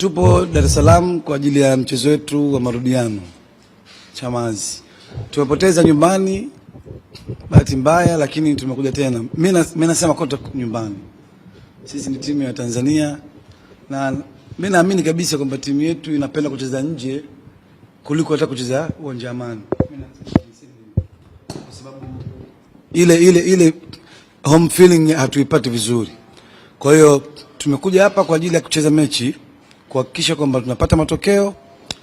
Tupo Dar es Salaam kwa ajili ya mchezo wetu wa marudiano Chamazi. Tumepoteza nyumbani bahati mbaya, lakini tumekuja tena. Mimi nasema kote nyumbani, sisi ni timu ya Tanzania na mimi naamini kabisa kwamba timu yetu inapenda kucheza nje kuliko hata kucheza uwanja Amani, kwa sababu ile ile ile home feeling hatuipati vizuri. Kwa hiyo tumekuja hapa kwa ajili ya kucheza mechi kuhakikisha kwamba tunapata matokeo,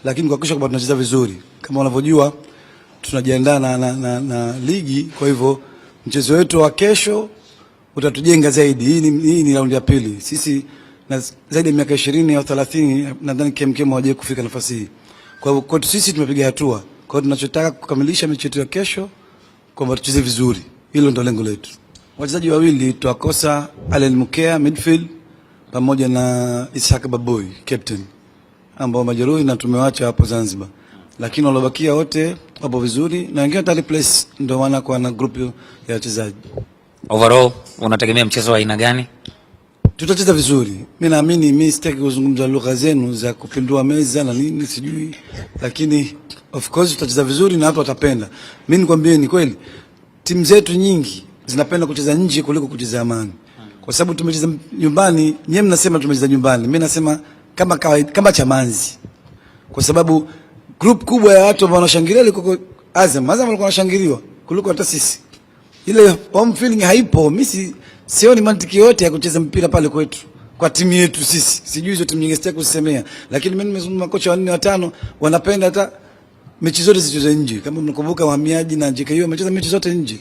lakini kuhakikisha kwamba tunacheza vizuri. Kama unavyojua tunajiandaa na, na, na, na ligi, kwa hivyo mchezo wetu wa kesho utatujenga zaidi. Hii ni, hii ni raundi ya pili. Sisi na zaidi ya miaka 20 au 30 nadhani KMKM hawajawahi kufika nafasi hii. Kwa hivyo kwetu sisi tumepiga hatua. Kwa hiyo tunachotaka kukamilisha mechi yetu ya kesho kwamba tucheze vizuri. Hilo ndio lengo letu. Wachezaji wawili tuwakosa Allen Mukea midfield pamoja na Isaac Baboy captain ambao majeruhi na tumewacha hapo Zanzibar, lakini walobakia wote wapo vizuri na wengine tayari place, ndio maana kwa na group ya wachezaji. Overall unategemea mchezo wa aina gani? Tutacheza vizuri, mimi naamini. Mimi sitaki kuzungumza lugha zenu za kupindua meza na nini sijui, lakini of course tutacheza vizuri na watu watapenda. Mimi nikwambie, ni kweli timu zetu nyingi zinapenda kucheza nje kuliko kucheza amani kwa sababu tumecheza nyumbani. Nyie mnasema tumecheza nyumbani, mimi nasema kama kawaida, kama Chamanzi, kwa sababu group kubwa ya watu ambao wanashangilia liko Azam. Azam walikuwa wanashangiliwa kuliko hata sisi, ile home feeling haipo. Mimi sioni mantiki yote ya kucheza mpira pale kwetu kwa timu yetu sisi. Sijui hizo timu nyingine sitaki kusemea, lakini mimi nimezungumza makocha wanne watano wanapenda hata mechi zote zichezwe nje. Kama mnakumbuka, wahamiaji na JKU wamecheza mechi zote nje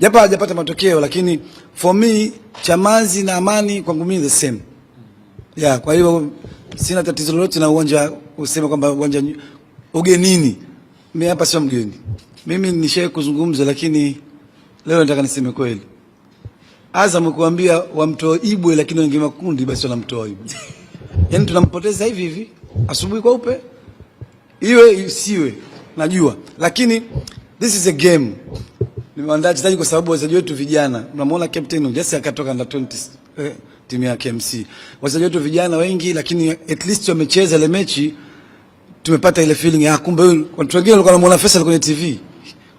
japo hajapata matokeo, lakini for me Chamazi na Amani kwangu mimi the same yeah. Kwa hiyo sina tatizo lolote na uwanja, useme kwamba uwanja ugenini. Mimi hapa sio mgeni, mimi nishae kuzungumza, lakini leo nataka niseme kweli. Azam kuambia wamtoa Ibwe, lakini wengine makundi basi wanamtoa Ibwe yaani tunampoteza hivi hivi asubuhi kwa upe, iwe isiwe najua, lakini this is a game nimeandaa wachezaji kwa sababu wachezaji wetu vijana, unamwona captain Jesse akatoka na 20 eh, timu ya KMC, wachezaji wetu vijana wengi, lakini at least wamecheza ile mechi, tumepata ile feeling ya kumbe huyu. Watu wengine walikuwa wanamuona Faisal kwenye TV,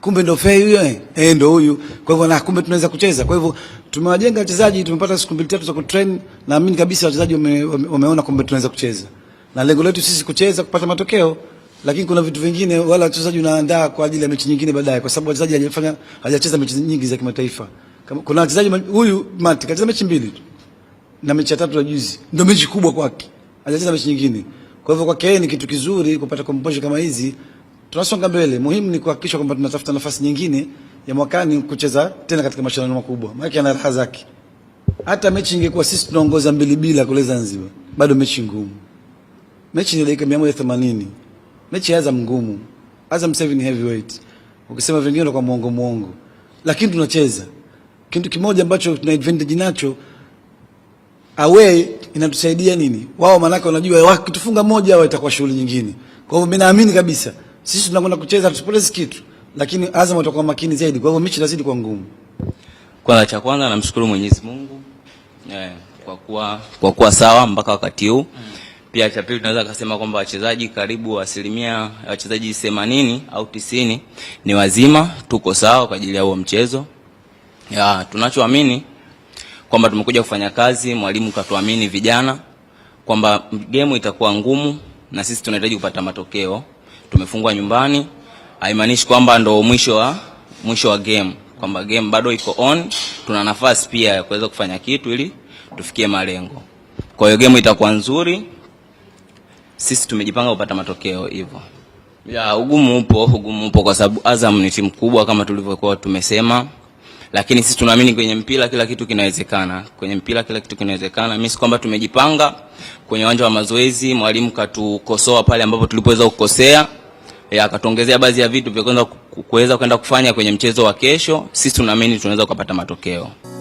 kumbe ndio Fei huyo eh, eh ndio huyu. Kwa hivyo na kumbe tunaweza kucheza. Kwa hivyo tumewajenga wachezaji, tumepata siku mbili tatu za kutrain, naamini kabisa wachezaji wame, wame, wameona kumbe tunaweza kucheza, na lengo letu sisi kucheza kupata matokeo lakini kuna vitu vingine wala wachezaji unaandaa kwa ajili ya mechi nyingine baadaye, kwa sababu wachezaji hajafanya hajacheza mechi nyingi za kimataifa. kuna wachezaji huyu Mati kacheza mechi mbili tu na mechi ya tatu ya juzi ndio mechi kubwa kwake, hajacheza mechi nyingine. Kwa hivyo kwake ni kitu kizuri kupata komposho kama hizi, tunasonga mbele. Muhimu ni kuhakikisha kwamba tunatafuta nafasi nyingine ya mwakani kucheza tena katika mashindano makubwa, maana ana raha zake. Hata mechi ingekuwa sisi tunaongoza mbili bila kule Zanzibar, bado mechi ngumu. Mechi ni dakika 180 mechi ya Azam ngumu. Azam sasa heavyweight, ukisema vingine kwa mwongo mwongo, lakini tunacheza kitu kimoja ambacho tuna advantage nacho away inatusaidia nini? Wao manake wanajua wakitufunga moja wao itakuwa shughuli nyingine. Kwa hivyo mimi naamini kabisa sisi tunakwenda kucheza tusipoteze kitu, lakini Azam watakuwa makini zaidi. Kwa hivyo mechi lazidi kwa ngumu. Kwanza cha kwanza namshukuru Mwenyezi Mungu eh, kwa kuwa kwa kuwa sawa mpaka wakati huu mm. Pia cha pili tunaweza kusema kwamba wachezaji karibu asilimia wachezaji themanini au tisini ni wazima, tuko sawa kwa ajili ya huo mchezo. Ya, tunachoamini kwamba tumekuja kufanya kazi, mwalimu katuamini vijana kwamba game itakuwa ngumu na sisi tunahitaji kupata matokeo. Tumefungwa nyumbani, haimaanishi kwamba ndo mwisho wa mwisho wa game, kwamba game bado iko on, tuna nafasi pia ya kuweza kufanya kitu ili tufikie malengo. Kwa hiyo game itakuwa nzuri sisi tumejipanga kupata matokeo hivyo. Ya, ugumu upo, ugumu upo kwa sababu Azam ni timu kubwa kama tulivyokuwa tumesema, lakini sisi tunaamini kwenye mpira kila kitu kinawezekana. Kwenye mpira kila kitu kinawezekana. Mimi si kwamba tumejipanga kwenye uwanja wa mazoezi, mwalimu katukosoa pale ambapo tulipoweza kukosea, akatuongezea baadhi ya vitu vya kuweza kwenda kufanya kwenye mchezo wa kesho. Sisi tunaamini tunaweza kupata matokeo.